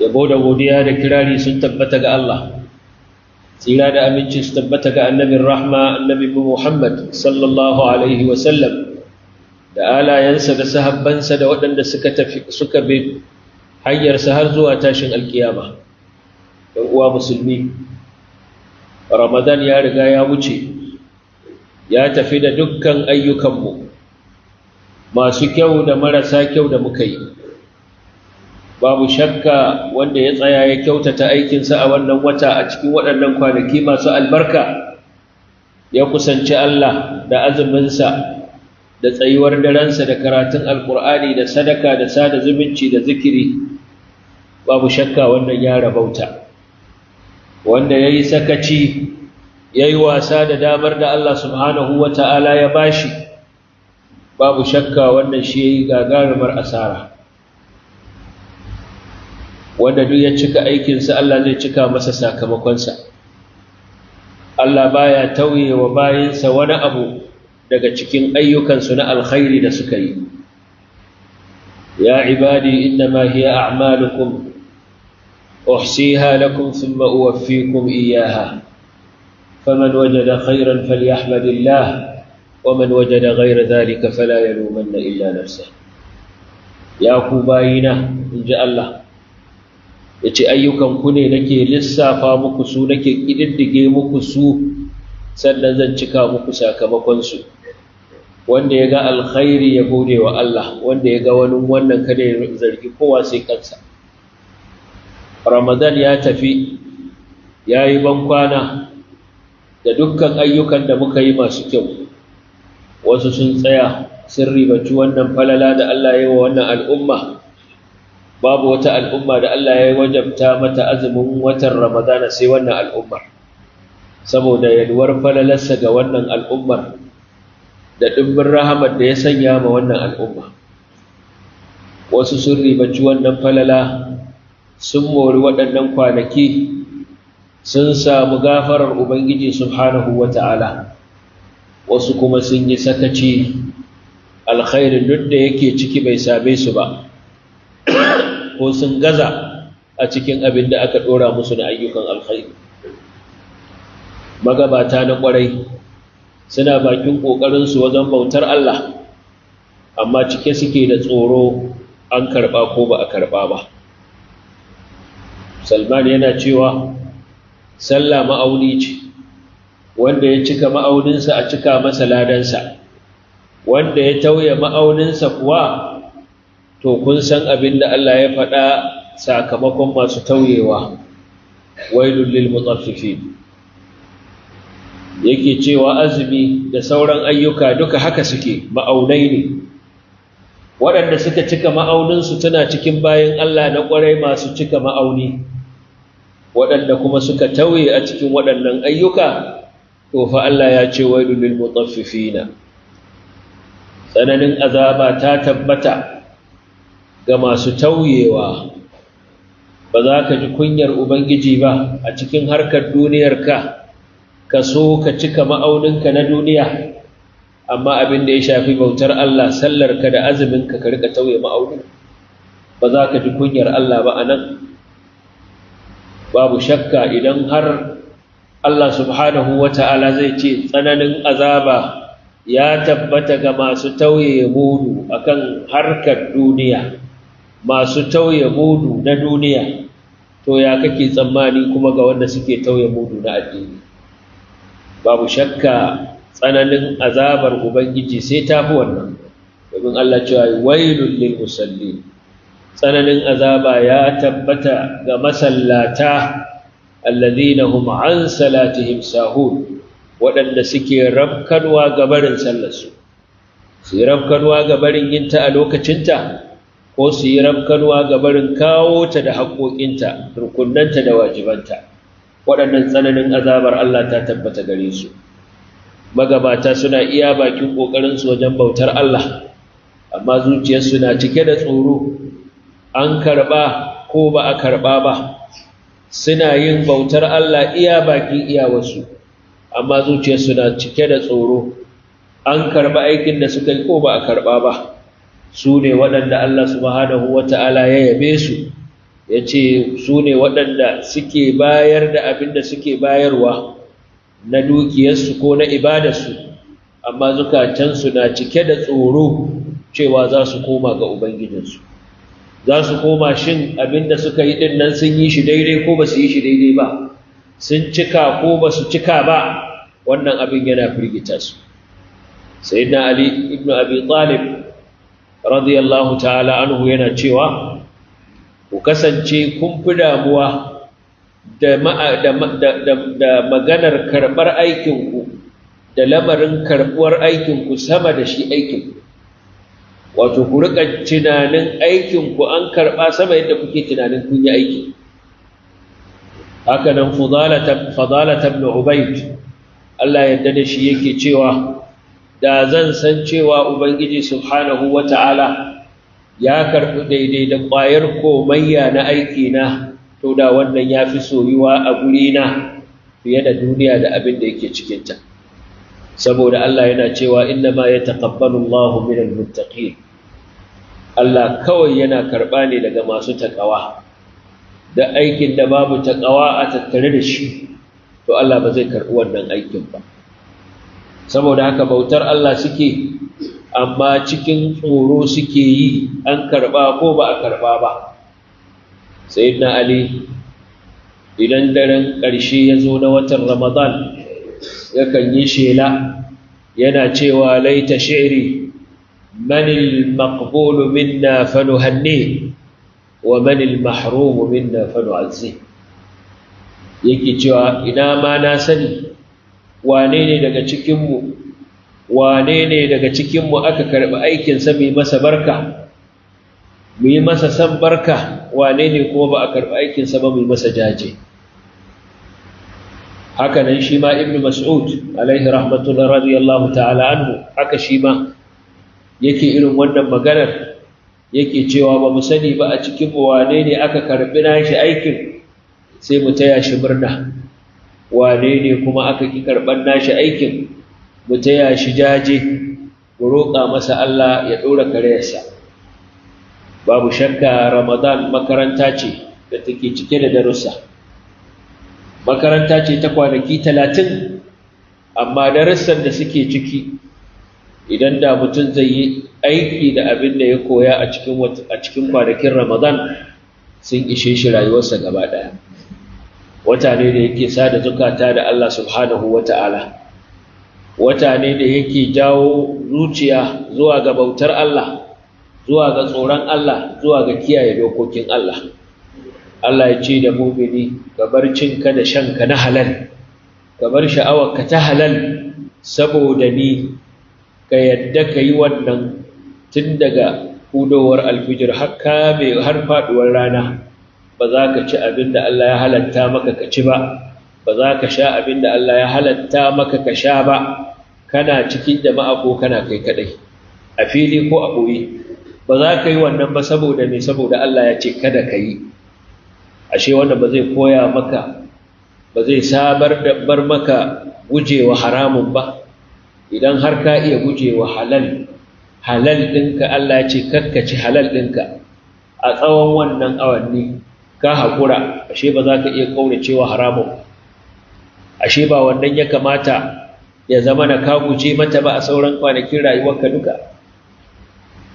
yabo da godiya da kirari sun tabbata ga Allah tsira da aminci sun tabbata ga annabin rahma annabi Muhammad sallallahu alaihi wasallam da alayensa da sahabbansa da waɗanda suka tafi suka bi hanyarsa har zuwa tashin alkiyama ɗan uwa musulmi ramadan ya riga ya wuce ya tafi da dukkan ayyukanmu masu kyau da marasa kyau da muka yi babu shakka wanda ya tsaya ya kyautata aikinsa a wannan wata a cikin waɗannan kwanaki masu albarka ya kusanci Allah da azuminsa da tsayuwar daransa da karatun alkur'ani da sadaka da sada zumunci da zikiri babu shakka wannan ya rabauta wanda ya yi sakaci ya yi wasa da damar da Allah subhanahu wa ta'ala ya bashi babu shakka wannan shi ya yi gagarumar asara wanda duk ya cika aikinsa Allah zai cika masa sakamakonsa Allah baya tauye wa bayinsa wani abu daga cikin ayyukansu na alkhairi da suka yi ya ibadi innama hiya a'malukum uhsiha lakum thumma uwaffikum iyyaha faman wajada khairan falyahmadillah ومن وجد غير ذلك فلا يلومن إلا نفسه يا كوباينا إن inji Allah. yace ayyukan ku ne nake lissafa muku su nake kididdige muku su sannan zan cika muku sakamakonsu. wanda ya ga alkhairi ya gode wa Allah wanda ya ga wani wannan kada ya zargi kowa sai kansa Ramadan ya tafi ya yi bankwana da dukkan ayyukan da muka yi masu kyau wasu sun tsaya sun ribaci wannan falala da Allah ya yi wa wannan al'umma babu wata al'umma da Allah ya wajabta mata azumin watan Ramadana sai wannan al'ummar saboda yalwar falalarsa ga wannan al'ummar da ɗimbin rahamar da ya sanya ma wannan al'umma wasu sun ribaci wannan falala sun mori waɗannan kwanaki sun samu gafarar ubangiji subhanahu wa ta'ala wasu kuma sun yi sakaci alkhairin duk da yake ciki bai same su ba ko sun gaza a cikin abin da aka ɗora musu na ayyukan alkhairi magabata na kwarai suna bakin ƙoƙarinsu wajen bautar Allah amma cike suke da tsoro an karɓa ko ba a karɓa ba salman yana cewa sallah ma'auni ce wanda ya cika ma'auninsa a cika masa ladansa wanda ya tauye ma'auninsa kuwa to kun san abin da Allah ya faɗa sakamakon masu tauyewa wailul lil mutaffifin yake cewa azumi da sauran ayyuka duka haka suke ma'aunai ne waɗanda suka cika ma'auninsu tana cikin bayan Allah na ƙwarai masu cika ma'auni waɗanda kuma suka tauye a cikin waɗannan ayyuka to fa Allah ya ce wailul lil na. tsananin azaba ta tabbata ga masu tauyewa ba za ka ji kunyar ubangiji ba a cikin harkar duniyarka ka so ka cika ma'auninka na duniya amma abin da ya shafi bautar Allah sallarka da azuminka ka rika tauye ma'aunin ba za ka ji kunyar Allah ba a babu shakka idan har Allah subhanahu wa ta'ala zai ce tsananin azaba ya tabbata ga masu tauye mudu akan harkar duniya masu tauye mudu na duniya to ya kake tsammani kuma ga wanda suke tauye mudu na addini babu shakka tsananin azabar ubangiji sai ta fi wannan domin Allah cewa lil musalli tsananin azaba ya tabbata ga masallata allazina hum an salatihim sahun waɗanda suke rabkanwa ga barin sallarsu su rabkanwa ga barin yinta a lokacinta ko su yi rafkanuwa ga barin kawo ta da haƙoƙinta rukunanta da wajibanta waɗannan tsananin azabar Allah ta tabbata gare su magabata suna iya bakin ƙoƙarinsu wajen bautar Allah amma zuciyarsu na cike da tsoro an karɓa ko ba a karɓa ba suna yin bautar Allah iya bakin iyawarsu amma zuciyarsu na cike da tsoro an karɓa aikin da suka yi ko ba a karɓa ba su ne waɗanda Allah subhanahu wa ta'ala ya yabe su ya ce su ne waɗanda suke bayar da abin da suke bayarwa na dukiyarsu ko na ibadarsu amma zukatansu na cike da tsoro cewa za su koma ga ubangijinsu za su koma shin abin da suka yi ɗin nan sun yi shi daidai ko ba su yi shi daidai ba sun cika ko ba su cika ba wannan abin yana firgita su Sai na ali ibn abi talib radiyallahu ta'ala anhu yana cewa ku kasance kun fi damuwa da maganar karɓar aikinku da lamarin aikin aikinku sama da shi aikin, wato ku rika tunanin aikinku an karɓa sama yadda kuke tunanin kun yi aiki haka nan fadalata ibn ubayd Allah yadda da shi yake cewa da zan san cewa ubangiji subhanahu wata'ala ya karɓi daidai da ƙwayar komayya na aikina to da wannan ya fi soyuwa a gurina fiye da duniya da abin da yake cikinta saboda Allah yana cewa inda ma ya taƙabbanu Allahu minal muttaqin Allah kawai yana karɓa ne daga masu taƙawa da aikin da babu taƙawa a tattare da shi to Allah ba zai karɓi wannan aikin ba saboda haka bautar Allah suke amma cikin tsoro suke yi an karba ko ba a karba ba sayyidina ali idan daren ƙarshe ya zo na watan ramadan yakan yi shela yana cewa laita shi'ri manil maqbulu minna fanuhanni wa manil mahrumu minna fanu'azzi yake cewa ina ma na sani wane ne daga cikinmu wane ne daga cikinmu aka karɓi aikinsa mai masa barka mu yi masa san barka wane ne kuma ba a karɓi aikinsa ba mu yi masa jaje haka nan shi ma ibn mas'ud alaihi rahmatullah radiyallahu ta'ala anhu haka shi ma yake irin wannan maganar yake cewa ba mu sani ba a cikin wane ne aka karɓi nashi aikin sai mu taya shi murna wane ne kuma aka ki karɓar nashi aikin mu taya shi jaje mu roƙa masa Allah ya ɗora karyarsa? babu shakka ramadan makaranta ce da take cike da darussa makaranta ce ta kwanaki talatin amma darussan da suke ciki idan da mutum zai yi aiki da abin da ya koya a cikin kwanakin ramadan sun ishe shi rayuwarsa gaba ɗaya wata ne da yake sada zukata da Allah subhanahu wata'ala wata ne da yake jawo zuciya zuwa ga bautar Allah zuwa ga tsoron Allah zuwa ga kiyaye dokokin Allah Allah ya ce da mumini ka bar cinka da shan ka na halal ka bar ka ta halal saboda ni ka yadda ka yi wannan tun daga hudowar alfijir har faduwar rana ba za ka ci abin da Allah ya halatta maka ka ci ba ba za ka sha abin da Allah ya halatta maka ka sha ba kana cikin jama'a ko kana kai kadai a fili ko a boye ba za ka yi wannan ba saboda me saboda Allah ya ce kada ka yi ashe wanda ba zai koya maka ba zai sabar da bar maka gujewa haramun ba idan har ka iya gujewa halal halal ɗinka Allah ya ce kakkaci halal ɗinka a tsawon wannan awanni ka haƙura ashe ba za ka iya cewa haramun ashe ba wannan ya kamata ya zama na kaguce mata ba a sauran kwanakin rayuwarka duka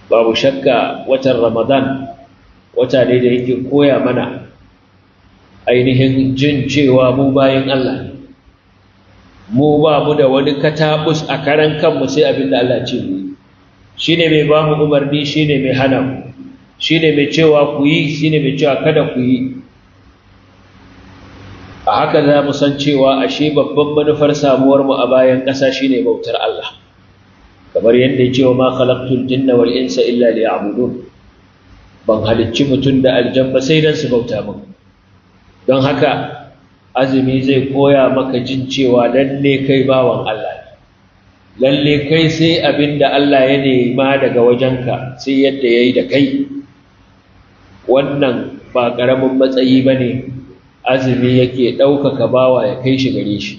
babu shakka watan ramadan wata ne da yake koya mana ainihin jin cewa mu bayan allah mu ba mu da wani katabus a karan kanmu sai abin da allah ce shi ne mai ba mu umarni shi ne mai hana mu shi ne mai cewa ku yi shi ne mai cewa kada ku yi a haka za mu san cewa ashe babban manufar mu a bayan ƙasa shi ne bautar Allah kamar yadda ya cewa ma khalaqtul jinna wal insa illa liya'budun ban halicci mutum da aljanna sai dan su bauta min don haka azumi zai koya maka jin cewa lalle kai bawan Allah lalle kai sai abinda Allah ya nema daga wajenka sai yadda yayi da kai wannan ba ƙaramin matsayi ba ne azumi yake ɗaukaka bawa ya kai shi gare shi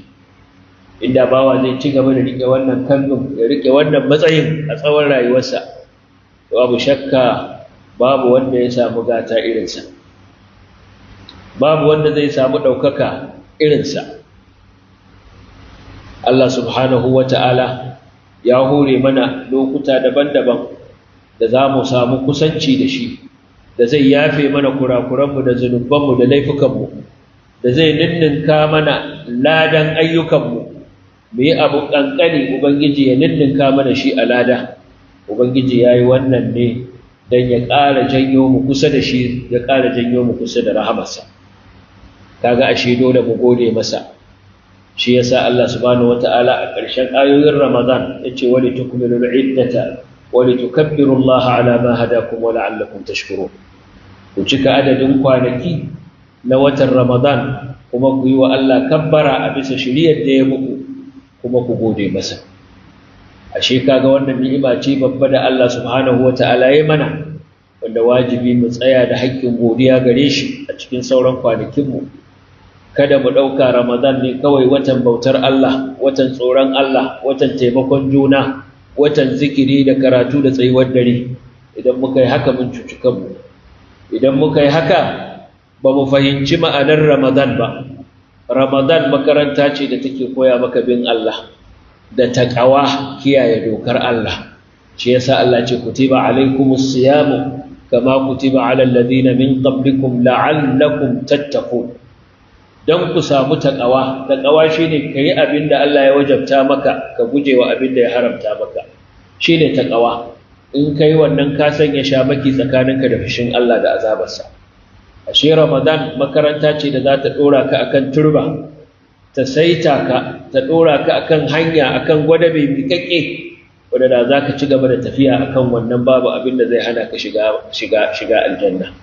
inda bawa zai ci gaba da riƙe wannan kalmin ya riƙe wannan matsayin a tsawon rayuwarsa babu shakka babu wanda ya samu gata irinsa babu wanda zai samu ɗaukaka irinsa Allah subhanahu wa ta'ala ya hore mana lokuta daban-daban da za mu samu kusanci da shi da zai yafe mana kurakuranmu da zunubanmu da laifukanmu da zai ninninka mana ladan ayyukanmu mu yi abu ƙanƙani ubangiji ya ninninka mana shi a lada ubangiji ya yi wannan ne don ya ƙara janyo mu kusa da shi ya ƙara janyo mu kusa da rahamarsa kaga ashe dole mu gode masa shi yasa Allah subhanahu wata'ala a ƙarshen ayoyin Ramadan ya ce Wani iddata wali tukabbirullaha ala ma hadakum wa la'allakum tashkurun ku cika adadin kwanaki na watan ramadan kuma ku yi wa Allah kabbara a bisa shiriyar da ya muku kuma ku gode masa ashe kaga wannan ni'ima ce babba da Allah subhanahu wata'ala ya mana wanda wajibi mu tsaya da haƙƙin godiya gare shi a cikin sauran kwanakinmu kada mu ɗauka ramadan ne kawai watan bautar Allah watan tsoron Allah watan taimakon juna watan zikiri da karatu da tsayuwar dare idan muka yi haka mun cuci kanmu idan muka yi haka ba mu fahimci ma'anar ramadan ba ramadan makaranta ce da take koya maka bin Allah da taƙawa kiyaye dokar Allah shi yasa Allah ce kutiba alaikumus siyamu kama kutiba alal ladina min qablikum la'allakum tattaqun dan ku samu taƙawa taƙawa shine kai abinda abinda Allah ya wajabta maka ka gujewa wa abinda ya haramta maka shine taƙawa in kai wannan ka sanya maki tsakaninka da fushin Allah da azabarsa ashe ramadan makaranta ce da za ta dora ka akan turba ta saita ka ta dora ka akan hanya akan gwada mai miƙaƙe wanda da za ka ci gaba da tafiya akan wannan babu abin da zai hana ka shiga aljanna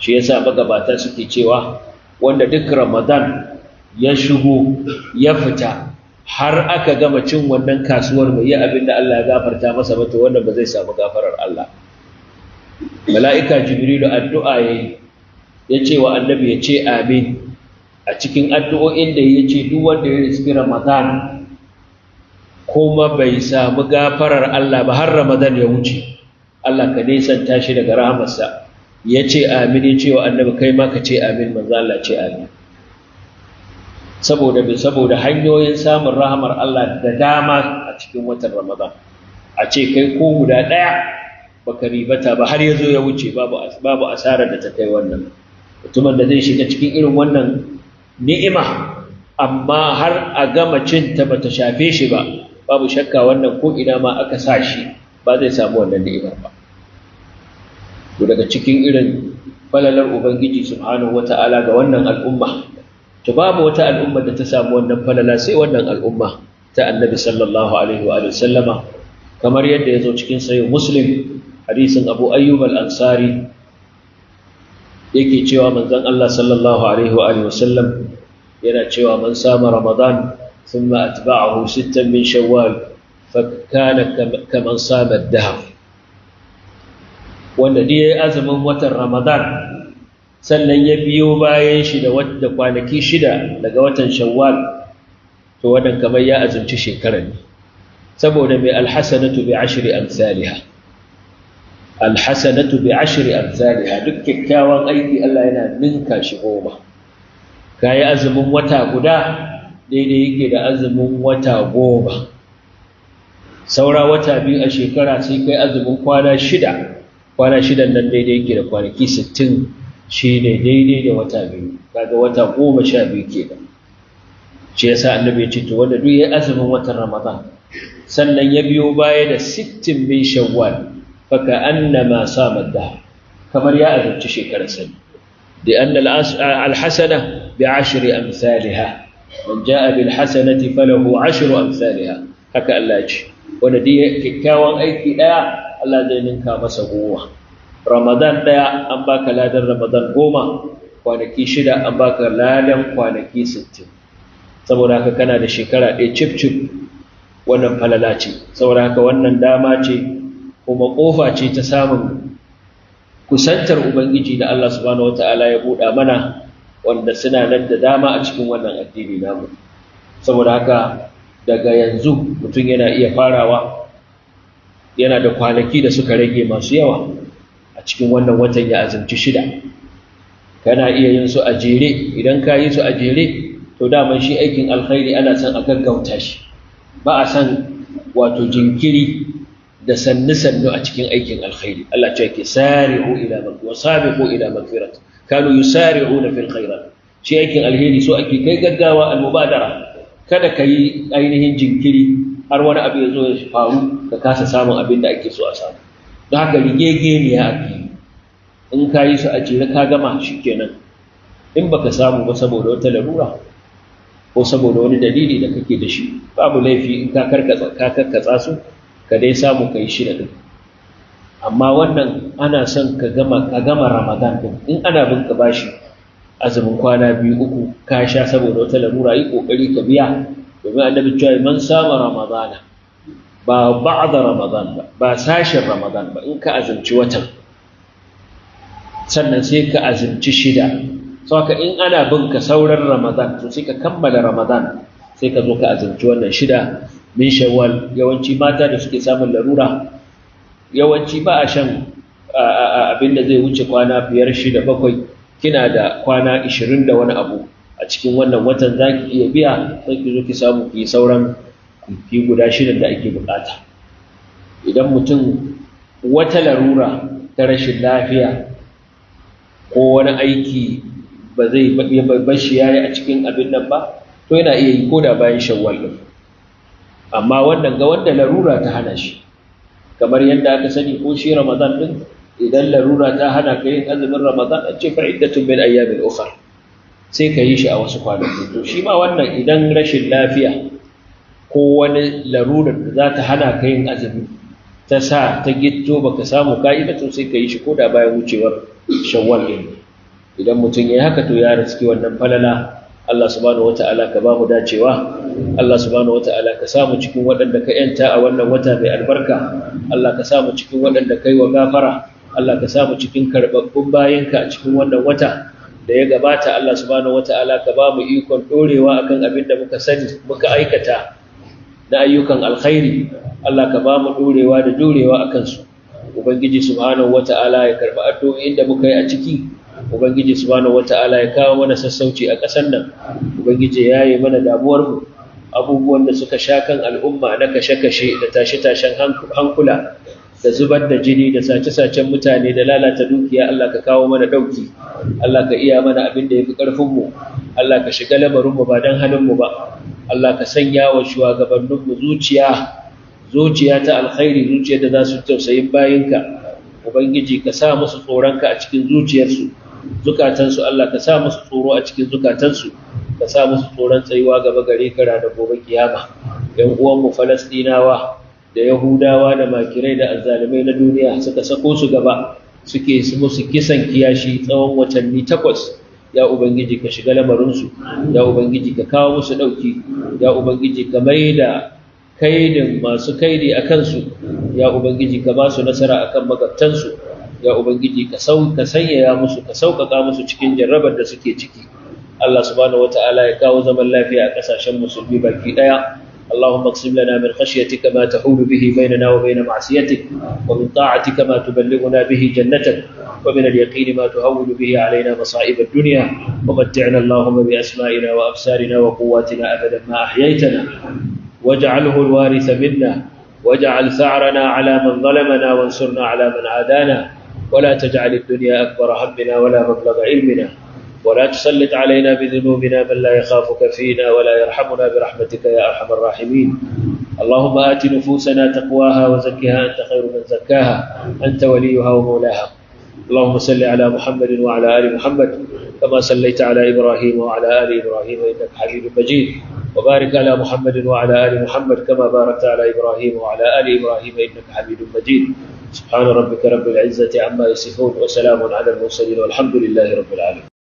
shi yasa magabata suke cewa wanda duk ramadan ya shigo ya fita har aka gama cin wannan kasuwar mai yi abin da Allah ya gafarta masa ba to wannan ba zai samu gafarar Allah mala'ika jibrilu addu'a yayi ya ce wa annabi ya ce amin a cikin addu'o'in da ya ce duk wanda ya riski ramadan kuma bai samu gafarar Allah ba har ramadan ya wuce Allah ka nesanta shi daga rahamarsa ya ce amin ya ce wa annabi kai ma ka ce amin manzo Allah ce amin saboda saboda hanyoyin samun rahamar Allah da dama a cikin watan Ramadan a ce kai ko guda ɗaya baka ribata ba har ya zo ya wuce babu babu asarar da ta kai wannan mutumin da zai shiga cikin irin wannan ni'ima amma har a gama cinta ba ta shafe shi ba babu shakka wannan ko ina ma aka sa shi ba zai samu wannan ni'imar ba to daga cikin irin falalar ubangiji subhanahu wata'ala ga wannan al'umma to babu wata al'umma da ta samu wannan falala sai wannan al'umma ta annabi sallallahu alaihi wa sallama kamar yadda ya zo cikin sayo muslim hadisin abu ayyub al-ansari yake cewa manzon Allah sallallahu alaihi wa sallam yana cewa man sama ramadan thumma atba'ahu sittan min shawwal fakana kaman sama dahr wanda dai azumin watan ramadan sannan ya biyo bayan shi da wadda kwanaki shida daga watan shawwal to wannan kamar ya azumci shekara ne saboda mai alhasanatu bi ashri amsalha alhasanatu bi ashri amsalha duk kyakkyawan aiki Allah yana ninka shi goma kai azumin wata guda daidai yake da azumin wata goma saura wata biyu a shekara sai kai azumin kwana shida kwana shidan nan daidai yake da kwanaki sittin shi ne daidai da wata biyu kaga wata goma sha biyu ke da shi yasa annabi ya to wanda duk ya azumin watan ramadan sannan ya biyo baya da sittin min shawwal fa ka annama sama da kamar ya azumci shekarar sani da anna alhasana bi ashri amsalha man jaa bil hasanati falahu ashru amsalha haka Allah ya ce wanda duk aiki daya Allah zai ninka masa goma ramadan ɗaya an baka ladan ramadan goma kwanaki shida an baka ladan kwanaki sittin saboda haka kana da shekara ɗaya cif cif wannan falala ce saboda haka wannan dama ce kuma ƙofa ce ta samun kusantar ubangiji da Allah subhanahu wataala ya buɗa mana wanda suna nan da dama a cikin wannan addini namu saboda haka daga yanzu mutum yana iya farawa yana da kwanaki da suka rage masu yawa cikin wannan watan ya azumci shida kana iya yin su a jere idan ka yi su a jere to daman shi aikin alkhairi ana son a gaggauta shi ba a son wato jinkiri da sannu-sannu a cikin aikin alkhairi Allah ce ke sari'u ila maghfirah wa sabiqu ila maghfirah kanu yusari'una fil khairat shi aikin alheri so ake kai gaggawa al-mubadara kada ka yi ainihin jinkiri har wani abu ya zo ya faru ka kasa samun abin da ake so a samu da haka rigegeniya a fili in ka yi su a jere ka gama shi kenan in baka samu ba saboda wata larura ko saboda wani dalili da kake da shi babu laifi in ka karkatsa su ka dai samu ka yi shi da ɗin amma wannan ana son ka gama ka gama ramadan din in ana bin ka bashi azumin kwana biyu uku ka sha saboda wata larura yi kokari ka biya domin annabi cewa man samun ramadana ba ba'da ramadan ba ba sashin ramadan ba in ka azumci watan sannan sai ka azumci shida saboda in ana bin ka sauran ramadan to sai ka kammala ramadan sai ka zo ka azumci wannan shida min shawwal yawanci mata da suke samun larura yawanci ba a shan abin da zai wuce kwana biyar shida bakwai kina da kwana 20 da wani abu a cikin wannan watan za ki iya biya sai ki zo ki samu ki sauran fi guda shirin da ake bukata idan mutum wata larura ta rashin lafiya ko wani aiki ba zai bashi yi a cikin abin nan ba to yana iya yi ko da bayan shawar din amma wannan ga wanda larura ta hana shi kamar yadda aka sani ko shi ramadan din idan larura ta hana ka yin azumin ramadan a ce fa'iddatun min ayyamin ukhra sai ka yi shi a wasu kwanaki to shi ma wannan idan rashin lafiya ko wani larurar da za ta hana ka yin azumi ta sa ta gitto baka samu ka'ida to sai ka yi shi ko da bayan wucewar shawar ɗin idan mutum ya haka to ya riski wannan falala Allah subhanahu wataala ka ba mu dacewa Allah subhanahu wataala ka samu cikin waɗanda ka yanta a wannan wata mai albarka Allah ka samu cikin waɗanda ka yi wa gafara Allah ka samu cikin karɓaɓɓun bayanka a cikin wannan wata da ya gabata Allah subhanahu wataala ka ba mu ikon ɗorewa akan abin da muka sani muka aikata na ayyukan alkhairi Allah ka ba mu dorewa da dorewa akan su ubangiji subhanahu wata'ala ya karɓi addu'o'in da muka yi a ciki ubangiji subhanahu wata'ala ya kawo mana sassauci a ƙasar nan ubangiji ya yi mana damuwar mu abubuwan da suka sha kan al'umma na kashe-kashe da tashe-tashen hankula da zubar da jini da sace-sacen mutane da lalata dukiya Allah ka kawo mana dauki Allah ka iya mana abin da ya fi ƙarfinmu Allah ka shiga lamarinmu ba don halinmu ba Allah ka sanya wa shugabanninmu zuciya zuciya ta alkhairi zuciya da za su tausayin ka. ubangiji ka sa musu tsoronka a cikin zuciyarsu zukatansu Allah ka sa musu tsoro a cikin zukatansu ka sa musu tsoron tsayuwa gaba gare ka da gobe kiyama yan uwanmu falastinawa da yahudawa da makirai da azzalumai na duniya suka sako su gaba suke musu kisan kiyashi tsawon watanni takwas ya ubangiji ka shiga lamarinsu ya ubangiji ka kawo musu ɗauki ya ubangiji ka mai da kaidin masu kaidi a kansu ya ubangiji ka ba su nasara akan magabtansu ya ubangiji ka sanyaya musu ka sauƙaƙa musu cikin jarrabar da suke ciki Allah subhanahu wata'ala ya kawo zaman lafiya a ƙasashen musulmi baki ɗaya اللهم اقسم لنا من خشيتك ما تحول به بيننا وبين معصيتك ومن طاعتك ما تبلغنا به جنتك ومن اليقين ما تهول به علينا مصائب الدنيا ومتعنا اللهم بأسمائنا وأبصارنا وقواتنا أبدا ما أحييتنا واجعله الوارث منا واجعل ثأرنا على من ظلمنا وانصرنا على من عادانا ولا تجعل الدنيا أكبر همنا ولا مبلغ علمنا ولا تسلط علينا بذنوبنا من لا يخافك فينا ولا يرحمنا برحمتك يا أرحم الراحمين اللهم آت نفوسنا تقواها وزكها أنت خير من زكاها أنت وليها ومولاها اللهم صل على محمد وعلى آل محمد كما صليت على إبراهيم وعلى آل إبراهيم إنك حميد مجيد وبارك على محمد وعلى آل محمد كما باركت على إبراهيم وعلى آل إبراهيم إنك حميد مجيد سبحان ربك رب العزة عما يصفون وسلام على المرسلين والحمد لله رب العالمين